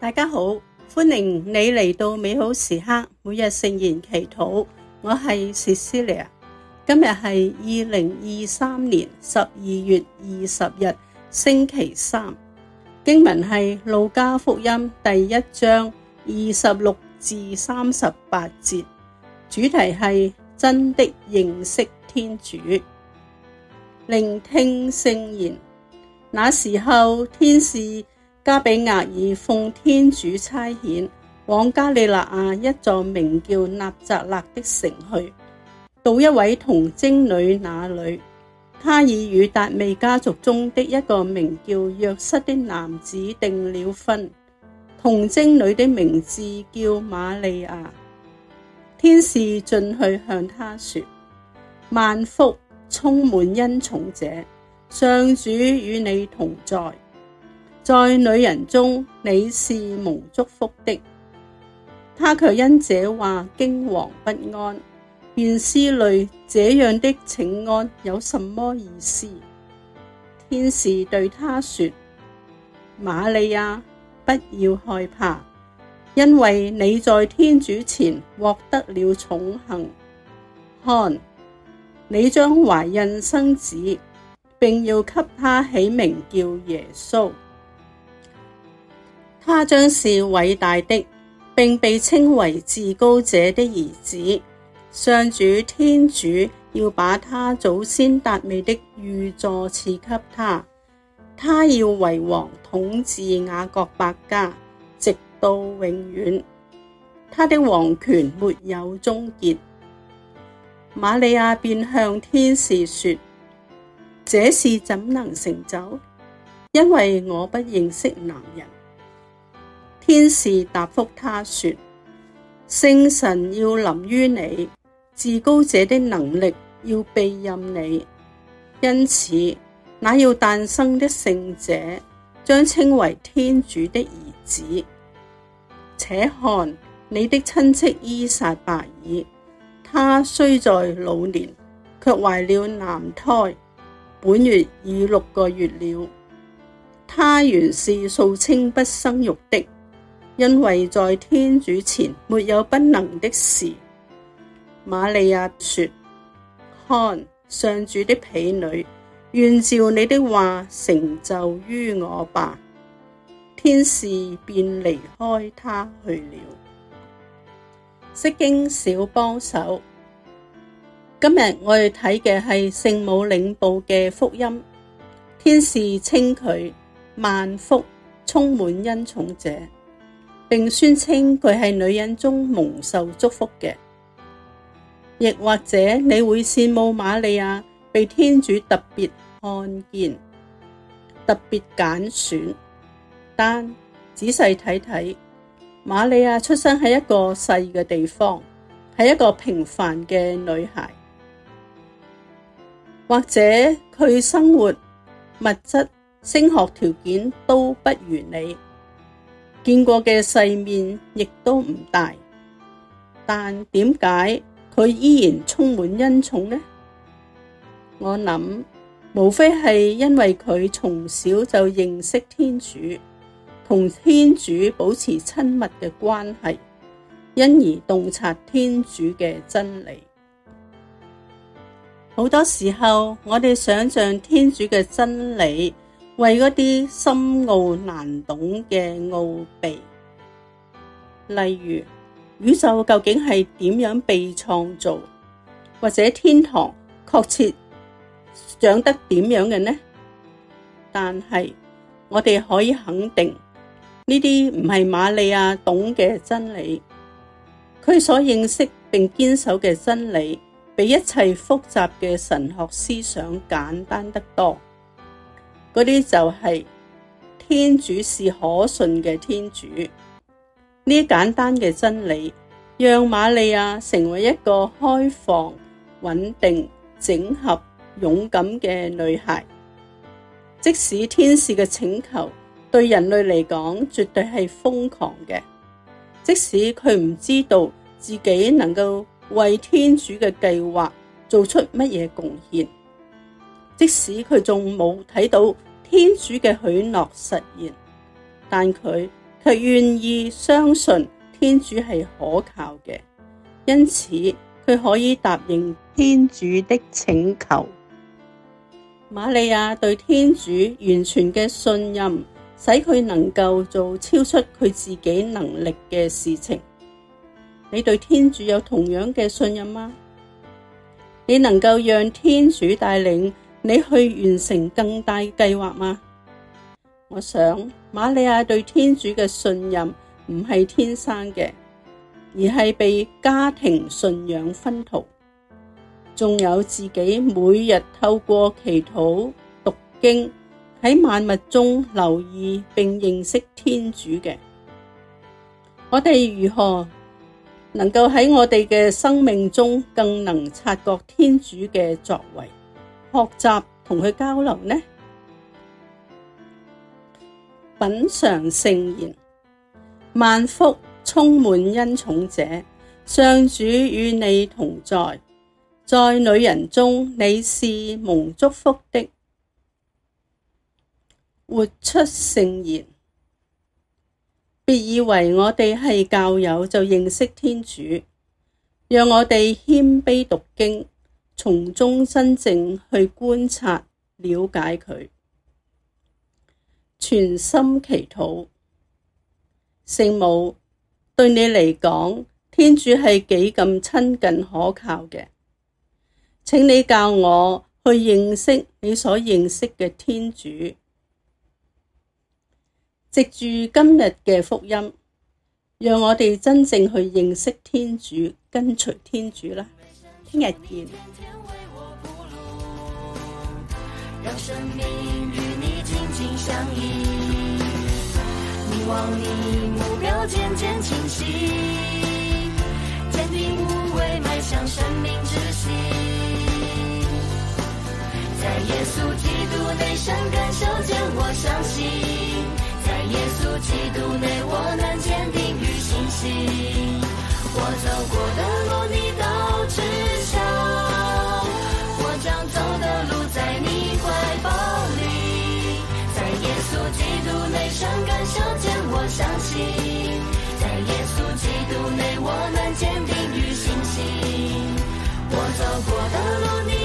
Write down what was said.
大家好，歡迎你嚟到美好時刻每日聖言祈禱，我係薛思 c ilia, 今日係二零二三年十二月二十日星期三，經文係路加福音第一章二十六至三十八節，主題係真的認識天主，聆聽聖言。那時候天使。加俾額爾奉天主差遣往加里肋亞一座名叫納匝肋的城去，到一位童貞女那裡，她已與達味家族中的一個名叫若瑟的男子訂了婚。童貞女的名字叫瑪利亞。天使進去向她說：萬福，充滿恩寵者，上主與你同在。在女人中，你是蒙祝福的。她卻因這話驚惶不安，便思慮這樣的請安有什麼意思。天使對她說：瑪利亞，不要害怕，因為你在天主前獲得了寵幸。看，你將懷孕生子，並要給她起名叫耶穌。他將是偉大的，並被稱為至高者的兒子。上主天主要把他祖先達味的御座賜給他，他要為王統治雅各伯家，直到永遠。他的王權沒有終結。瑪利亞便向天使說：這事怎能成就？因為我不認識男人。天使答覆他說：聖神要臨於你，至高者的能力要庇蔭你，因此，那要誕生的聖者將稱為天主的兒子。且看你的親戚依撒伯爾，他雖在老年，卻懷了男胎，本月已六個月了。他原是素稱不生育的。因為在天主前沒有不能的事，瑪利亞說：看，上主的婢女，願照你的話成就於我吧。天使便離開他去了。釋經小幫手，今日我哋睇嘅係聖母領報嘅福音。天使稱佢萬福，充滿恩寵者。並宣稱佢係女人中蒙受祝福嘅，亦或者你會羨慕瑪利亞被天主特別看見、特別揀選。但仔細睇睇，瑪利亞出生喺一個細嘅地方，係一個平凡嘅女孩，或者佢生活、物質、升學條件都不如你。見過嘅世面亦都唔大，但點解佢依然充滿恩寵呢？我諗，無非係因為佢從小就認識天主，同天主保持親密嘅關係，因而洞察天主嘅真理。好多時候，我哋想象天主嘅真理，為嗰啲深奧難懂嘅奧秘，例如宇宙究竟係點樣被創造，或者天堂確切長得點樣嘅呢？但係我哋可以肯定，呢啲唔係瑪利亞懂嘅真理。佢所認識並堅守嘅真理，比一切複雜嘅神學思想簡單得多。嗰啲就係天主是可信嘅天主，呢簡單嘅真理，讓瑪利亞成為一個開放、穩定、整合、勇敢嘅女孩。即使天使嘅請求對人類嚟講絕對係瘋狂嘅，即使佢唔知道自己能夠為天主嘅計劃做出乜嘢貢獻，即使佢仲冇睇到。天主嘅許諾實現，但佢卻願意相信天主係可靠嘅，因此佢可以答應天主的請求。瑪利亞對天主完全嘅信任，使佢能夠做超出佢自己能力嘅事情。你對天主有同樣嘅信任嗎？你能夠讓天主帶領你去完成更大計劃嗎？我想瑪利亞對天主嘅信任唔係天生嘅，而係被家庭信仰熏陶，仲有自己每日透過祈禱、讀經，喺萬物中留意並認識天主嘅。我哋如何能夠喺我哋嘅生命中更能察覺天主嘅作為？學習同佢交流呢？品嚐聖言，萬福充滿恩寵者，上主與你同在，在女人中你是蒙祝福的，活出聖言。別以為我哋係教友就認識天主，讓我哋謙卑讀經。從中真正去觀察、了解佢，全心祈禱。聖母對你嚟講，天主係幾咁親近可靠嘅。請你教我去認識你所認識嘅天主。藉住今日嘅福音，讓我哋真正去認識天主，跟隨天主啦。念你天天為我鋪路，讓生命與你靜靜你緊緊相依，望你目標漸漸清晰，堅定無畏邁向生命之心，在耶穌基督內聽日見。走過的路。